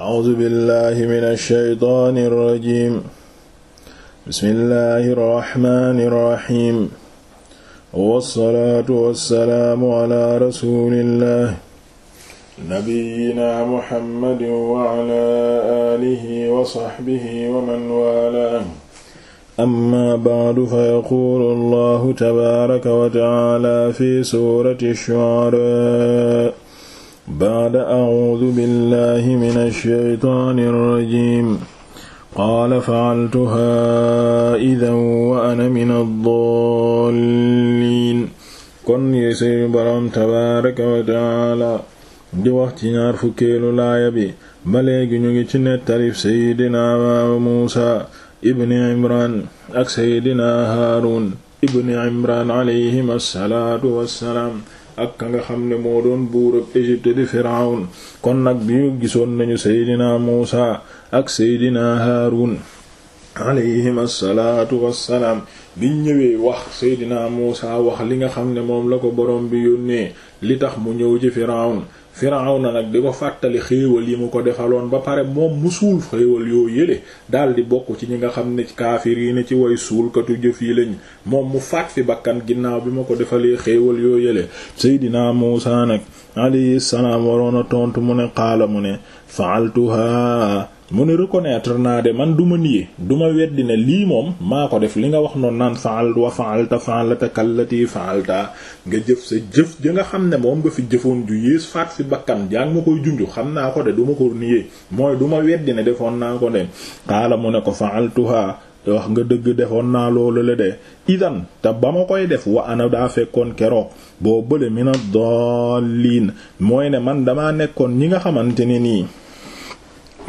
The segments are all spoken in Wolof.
A'uuzu billaahi mina shaytaani rajiim. Bismillaahi rahmaani rahiim. Wassalaatu wassalaamu alaa rasuulillaahi. Nabiyyinaa Muhammadin wa alaa aalihi wa sahbihi wa man waalaahum. Ammaa ba'du fayaquulu Allaahu tabaaraka wa ta'aalaa fi suurati ash-shu'araa. baada acuudu billahi min alsheytaani alrajim qaala faaltuhaa idan wa ana min aldaalliin kon yey say boroom tabaaraka wa tacaala di wax ci ñaar fukkeelu laaya bi ba léegi ñu ngi ci nettalif seydinaa muusa ibni imran ak seydinaa haaruun ibni imran alayhim assalaatu wassalaam ak ka nga xam ne moo doon buurab Égypte di Firawun kon nag bi ñu gisoon nañu seydinaa Muusa ak seydinaa Haarun alayhim assalaatu wassalaam biñ ñëwee wax seydinaa Muusa wax li nga xam ne moom la ko boroom bi yónnee li tax mu ñëw ci Firawun Firawna nag di ko fàttali xéewal yi mu ko defaloon ba pare moom mu suul xéewal yoo yële daal di bokk ci ñi nga xam ne kaafir yi ne ci way suulkatu jëf yi lañ moom mu faat fi bàkkan ginnaaw bi ma ko defalee xéewal yoo yële Seydina Muusaa nag alayhi salaam waroon a tontu mu ne qaala mu ne fa'altuha mu ne reconnaître naa de man du ma niye du ma weddi ne lii moom maa ko def li nga wax noon naan faal wa faalta faalata kallati faalta nga jëf sa jëf ja nga xam ne moom nga fi jëfoon ju yées faat fi bakkan jaang ma koy junju xam naa ko de du ma ko niye mooy du ma weddi ne defoon naa ko de xaala mu ne ko faaltuha te wax nga dëgg defoon naa loolu la de idan te ba ma koy def wa ana daa fekkoon keroog boo bële mina dallin mooy ne man damaa nekkoon ñi nga xamante ne nii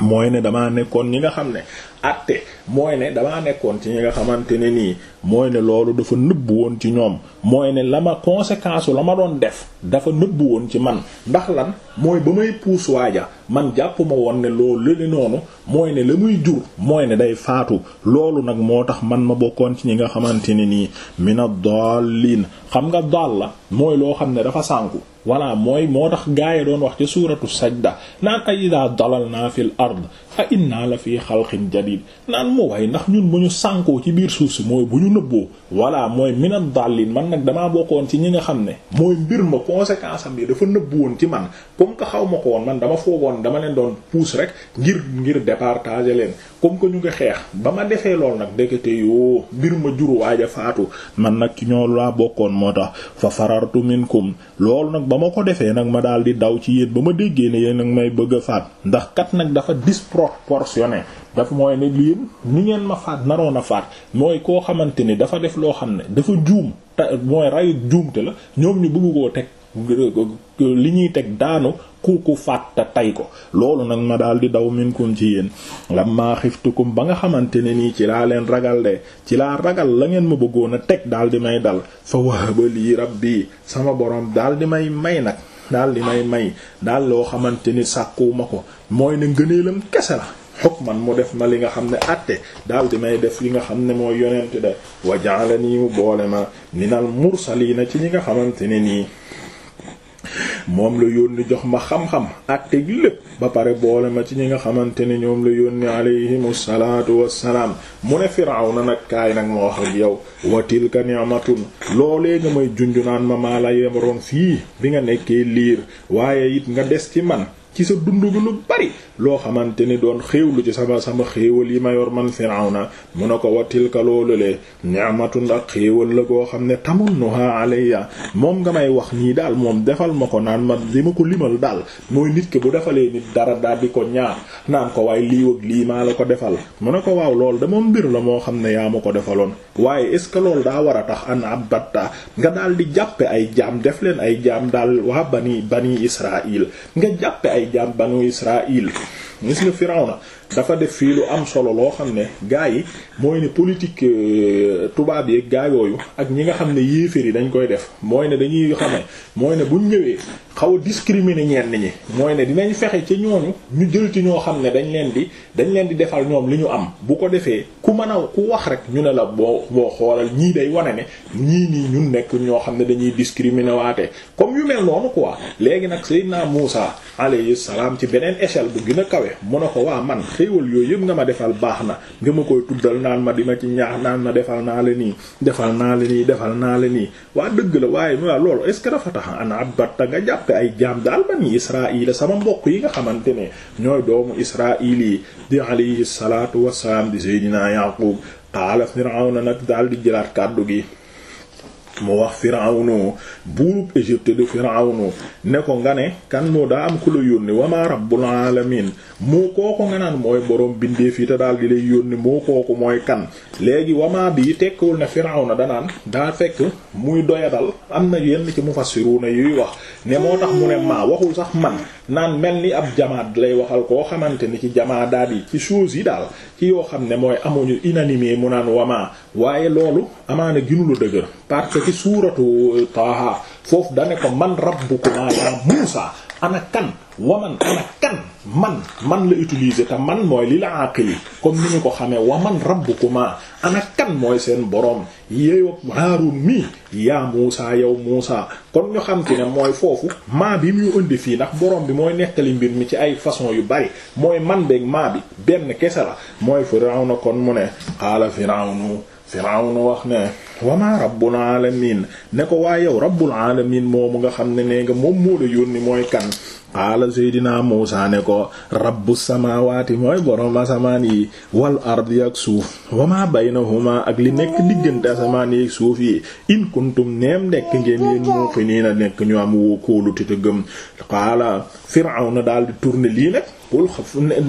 mooy ne damaa nekkoon ñi nga xam ne atte mooy ne damaa nekkoon ci ñi nga xamante ne nii mooy ne loolu dafa nëbbu woon ci ñoom mooy ne la ma conséquence la ma doon def dafa nëbbu woon ci man ndax lan mooy ba may puus waaja man jàpp ma woon ne loolu lële noonu mooy ne la muy jur mooy ne day faatu loolu nag moo tax man ma bokkoon ci ñi nga xamante ne nii mina dallin xam nga daal la mooy loo xam ne dafa sànku voilà mooy moo tax gaaya doon wax ci suuratu sajda naan ay ida dalal naa fil ard a inna la fii xalqin jadid naan moo waaye ndax ñun bu ñu sànkoo ci biir suuf si mooy bu ñu nëbboo voilà mooy minad dallin man nag damaa bokkoon ci ñi nga xam ne mooy mbir ma conséquence am yi dafa woon ci man comme que xaw ma ko man dama foogoon dama leen doon pousse rek ngir ngir départager leen comme que ñu ngi xeex ba ma defee lool nag dekete yoo mbir ma juru waaja faatu man nag ci ñoo laa bokkoon moo tax fa farartu minkum loolu nag ba ma ko defee nag ma daal di daw ci yéen ba ma déggee ne yéen nag may bëgg a faat ndax kat nag dafa dispro proportionné daf mooy ne liin ni ngeen ma faat naroon a faat mooy koo xamante ni dafa def loo xam ne dafa juum te mooy rayu juumte la ñoom ñu bëgg koo teg li ñuy teg daanu kuku fàtta tey ko loolu nag ma daal di daw minkum ci yéen lammaa xiftukum ba nga xamante ne nii ci laa leen ragal de ci laa ragal la ngeen ma bëggoon a teg daal di may dal fa wahaba lii rabbi sama borom dal di may may nag daal li may may daal loo xamante ni sàkkuwuma ko mooy ne ngëneelam kese la hukman mu def ma li nga xam ne atte daal di may def li nga xam ne moo yonent de wa ja'alani mu boole ma minal mursaliina ci ñi nga xamante ne nii moom la yónni jox ma xam-xam ak teg lépp ba pare boole ma ci ñi nga xamante ne ñoom la yónni alayhimu salaatu wassalaam mu ne na nag kaay nag moo wax ak yow wa tilka ni'matun loolee nga may junjunaan ma maa la yemaroon fii bi nga nekkee liir waaye it nga des ci man ci sa dund gi lu bari loo xamante ni doon xéewlu ci sama sama xéewal yi ma yor man Firawna mu a ko watilka loolu le ni'matun ak xéewal la koo xam ne tamunnuha alayya moom nga may wax nii daal moom defal ma ko naan ma li ma ko limal daal mooy nit ki bu defalee nit dara daal di ko ñaar naan ko waaye lii lii maa la ko defal mu ne ko waaw loolu de mbir la moo xam ne yaa ma ko defaloon waaye est-ce que loolu daa war a tax an abbatta nga daal di jàppe ay jaam def leen ay jaam daal waa bani nga jàppe ay jaam banu Israaïl nis gis nga na dafa def fii lu am solo loo xam ne gaa yi mooy ne politique euh, tubaab yi gaa yooyu ak ñi nga xam ne yéeféer yi dañ koy def mooy ne dañuy xamee mooy ne ñëwee xaw a discriminer ñenn ñi mooy ne dinañ fexe ci ñooñu ñu jël ci ñoo xam ne dañu leen di dañ leen di defal ñoom li ñu am bu ko defee ku mën a ku wax rek ñu ne la boo boo xoolal ñii day wane ne ñii nii ñun nekk ñoo xam ne dañuy discriminer waate comme yu mel noonu quoi léegi nag Seydina Muusa alayhi salaam ci beneen échelle bu gën kawe woowee mu ko waa man xéewal yooyu yëpp nga ma defal baax na nga ma koy tuddal naan ma di ma ci ñaax naan ma defal naa la nii defal naa la nii defal naa la nii waa dëgg la waaye mu loolu est ce que dafa tax an abbatta nga jàpp ay jaam daal bani israila sama mbokk yi nga xamante ne ñooy doomu israil yi di alayhi salaatu wasalaam di seydina yaqub qaala na nag daal di jëlaat kàddu gi mu wax firawno buurub Égypte de firawno ne ko nga ne kan moo daa am ku la yónni wama rabbul alamin moo kooku nga naan mooy boroom bindee fii te daal di lay yónni moo kooku mooy kan léegi wama bii tekkiwul ne firawna danaan daa fekk muy doyadal am na yenn ci na yuy wax ne moo tax mu ne maa waxul sax man naan mel ni ab jamaat lay waxal koo xamante ni ci jamaa daal yi ci choses yi daal ci yoo xam ne mooy amuñu unanimé mu naan wama waaye loolu amaana ginu la parce que suuratu euh, Taaha foofu da ko man rabbukuma ya Muusa ana kan waman ana kan man man la utiliser te man mooy li la àqili comme ni ñu ko xamee waman rabbukuma ana kan mooy seen boroom yow Haarun mi yaa Muusa yow Muusa kon ñu xam te ne mooy foofu maa bi muy indi fii ndax boroom bi mooy nekkali mbir mi ci ay façon yu bari mooy man beeg maa bi benn kese la mooy Firawna kon mu ne qaala Firawnu Firawnu wax ne wama rabbul alamin ne ko waa yow rabbul alamin moomu nga xam ne nee moom moo la yónni mooy kan qaala dina Muusaa ne ko rabbu samaawaati mooy borom asamaan yi wal ardi ak suuf wama baynahuma ak li nekk diggante asamaan yi ak suuf yi in kuntum neem nekk ngeen yéen muqiniina nekk ñu am woo kóolute te gëm qaala Firawna daal di tourner lii nag bul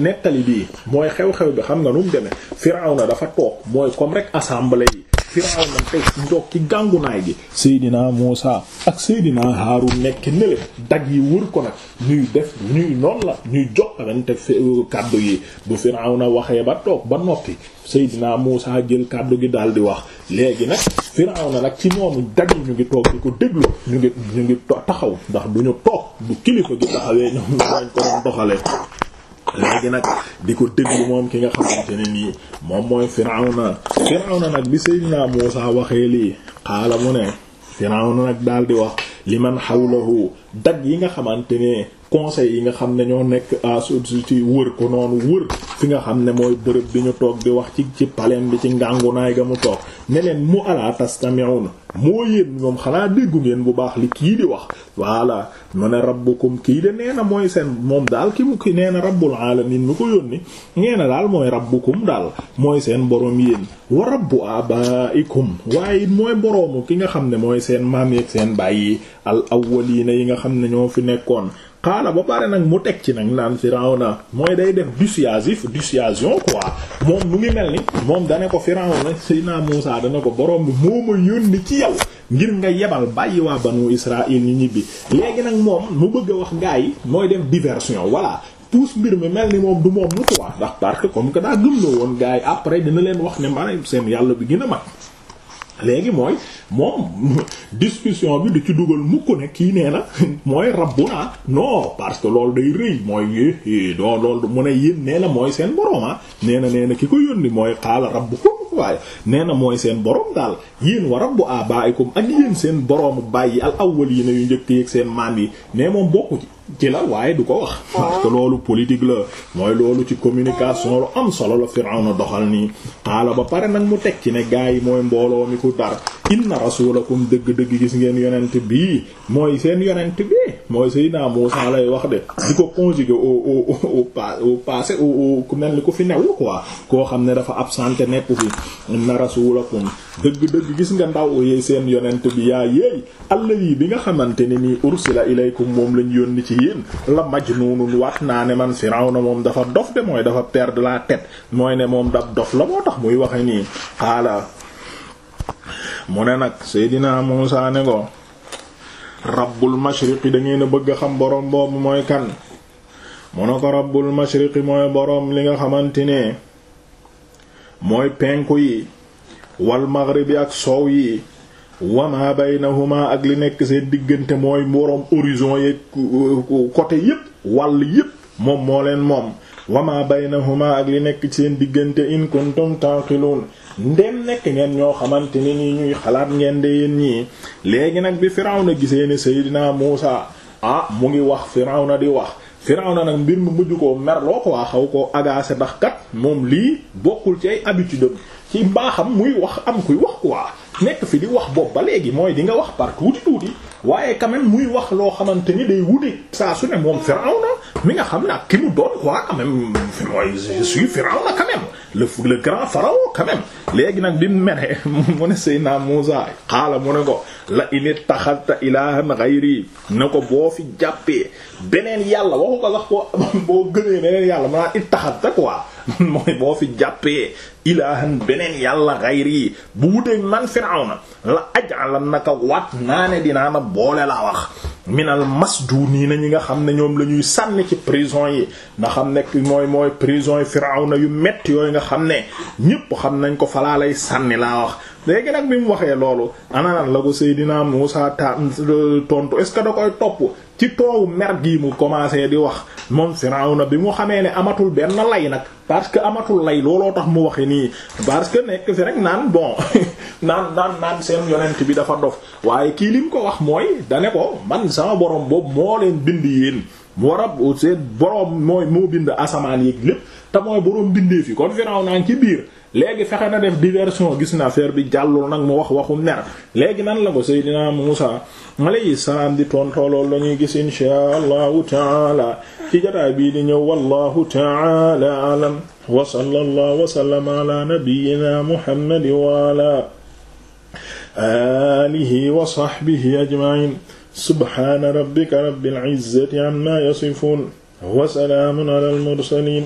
nettali bii mooy xew-xew bi xam nga nu mu demee Firawna dafa toog mooy assemblée yi Firawna teg ndoog ci gàngunaay gi Seydina Muusa ak Seydina Haarun nekk nele dag yi wër ko nag ñuy def ñuy noonu la ñuy joxalante euh, kàddu yi bu na waxee ba toog ba noppi Seydina Muusa jël kàddu gi daal di wax léegi nag Firawna nag ci noonu dag yi ñu ngi toog di ko déglu ñu ngi taxaw ndax du ñu toog bu kilifa gi taxawee ñoom ñu ko doon doxalee léegi nag di ko déglu moom ki nga xamante ne nii moom mooy Firawna Firawna nag bi Seydina Muusaa waxee lii xaala mu ne Firawna nag daal di wax liman hawlahu dagg yi nga xamante ne conseil yi nga xam ne ñoo nekk assuti wër ko noonu wër fi nga xam ne mooy bërëb bi ñu toog di wax ci ci paleem bi ci ngàngunaay ga mu toog ne leen mu ala tastami'una moo yéen ñoom xanaa déggu ngeen bu baax li kii di wax voilà mu ne rabbukum kii de nee na mooy seen moom daal ki mu ki nee na rabbul alamin mi ko yónni nee na daal mooy rabbukum daal mooy seen boroom yéen wa rabbu abaikum waaye mooy boroomu ki nga xam ne mooy seen maam seen baay al awwalina yi nga xam ne ñoo fi nekkoon xaala ba pare nag mu teg ci nag naan na mooy day def dissuasif dissuasion waa moom mu ngi mel ni moom dane ko si Seydina Muusaa dana ko borom bi moo ma yónni ci yow ngir nga yebal bàyyi waa banu Israël ñu ñibbi léegi nag moom mu bëgg wax gaa yi mooy def diversion voilà puus mbir mi mel ni moom du moom lu quoi ndax parce que comme que daa gëm la woon gaa yi après dina leen wax ne maanaam seen yàlla bi gën a mag léegi mooy moom discussion bi du ci dugal mukk ne kii nee na mooy rabbuna non parce que loolu day rëy mooy don loolu mu ne yéen nee na mooy seen borom ah nee na nee na ki ko yónni mooy xaala rabbukum waaye nee na mooy seen borom daal yéen wa rabbu abaikum ak yéen seen boroomu bàyyi al awwal yi ne yu njëkk yeeg seen maam yi mais moom bokku ci ci la waaye du ko wax parce que loolu politique la mooy loolu ci communication lu am solo la Firawna doxal nii xaala ba pare nag mu teg ci ne gaa yi mooy mbooloo mi ku dar inna rasulakum dëgg-dëgg gis ngeen yonent bii mooy seen yonent bii mooy Seydina Muusaa lay wax de di ko conjugué au au au au passé au ku mel ni ku fi ne dafa absenté nekk fi inna rasulakum dëgg-dëgg gis nga ndaw yee seen yonent bi yaa yéey allah yi bi nga xamante ni nii ursila ilaykum moom lañ yónni ci yéen la majnuunun wax naa ne man Firawna moom dafa dof de mooy dafa perdre la tête mooy ne moom daf dof la moo tax muy waxe nii xaala mu ne nag Seydina Muusaa ne ko rabbul mashriqi da ngeen bëgg xam boroom boobu mooy kan mu ne ko rabbul mashriqi mooy boroom li nga xamante ne mooy penku yi wal maghribi ak soow yi na baynahuma ak li nekk seen diggante mooy mborom horizon yeeg euh, côté yépp wàll yépp moom moo leen moom bay na baynahuma ak li nekk seen diggante in kuntum taqilun ndem nekk ngeen ñoo xamante ne ni ñuy xalaat ngeen de yéen ñii léegi nag bi Firawna gisee ne Seydina Muusa ah mu ngi wax Firawna di wax Firawna nag mbir mu mujj koo merloo ko waa xaw ko agacé ndax kat moom lii bokkul ci ay habitude ci baaxam muy wax am kuy wax quoi nekk fi di wax boobu ba léegi mooy di nga wax par tuuti tuuti waaye quand muy wax loo xamante ni day wute saa su ne moom Firawna mi nga xam ne ak ki mu doon mooy je Firawna quand le le grand pharaon quand même léegi nag bi mu meree mu ne Seydina Muusaa xaala mu ne ko la ini taxalta ilahan ghayri ne ko boo fi jàppee beneen yàlla waxu ko sax ko boo gënee beneen yàlla mu naa it taxalta mooy boo fi jàppee ilaahan beneen yàlla xayri bu wuteeg man firawna la aj'alannaka waat naa ne dinaa na boole laa wax minal masduniina ñi nga xam ne ñoom la ñuy sànni ci prison yi nga xam ne mooy mooy prison yi firawna yu metti yooyu nga xam ne ñépp xam nañ ko falaalay sànni laa wax léegi nag bi mu waxee loolu ana la ko Seydina Muusaa ta tontu est-ce que da koy topp ci toowu mer gii mu commencé di wax moom na bi mu xamee ne amatul benn lay nag parce que amatul lay looloo tax mu waxe nii parce que nekk fi rek naan bon naan naan naan seen yonent bi dafa dof waaye kii lim ko wax mooy dane ko man sama borom boobu moo leen bind yéen mu war a seen borom mooy moo bind asamaan yeeg lépp te mooy borom bindee fi kon Firawna ci biir. léegi fexe na def diversion gis na affaire bi jàllul nag mu wax waxu mer léegi nan la ko Seydina Muusa alayhi salaam di tontoo loolu la ñuy gis inshaa allahu taala ci jotaay bii di ñëw wallahu taala alam wa sallallahu wa sallama ala nabiyyina muhammad wa ala alihi wa sahbihi ajma'in subhana rabbika rabbil izzati amma yasifun wa salaamun ala al mursalin